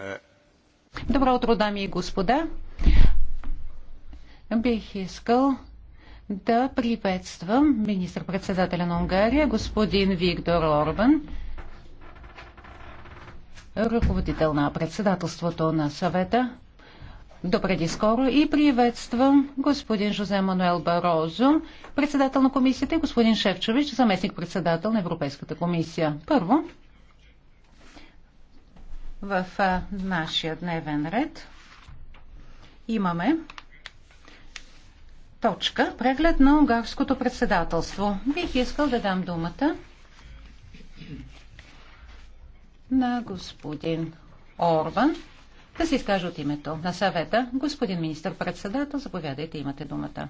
Е. Добро утро, дами и господа. Бих искал да приветствам министр-председателя на Унгария, господин Виктор Орбан, ръководител на председателството на съвета допреди скоро и приветствам господин Жозе Мануел Барозо, председател на комисията и господин Шевчович, заместник-председател на Европейската комисия. Първо, в нашия дневен ред имаме точка преглед на унгарското председателство. Бих искал да дам думата на господин Орбан да се изкаже от името на съвета. Господин министр-председател, заповядайте, имате думата.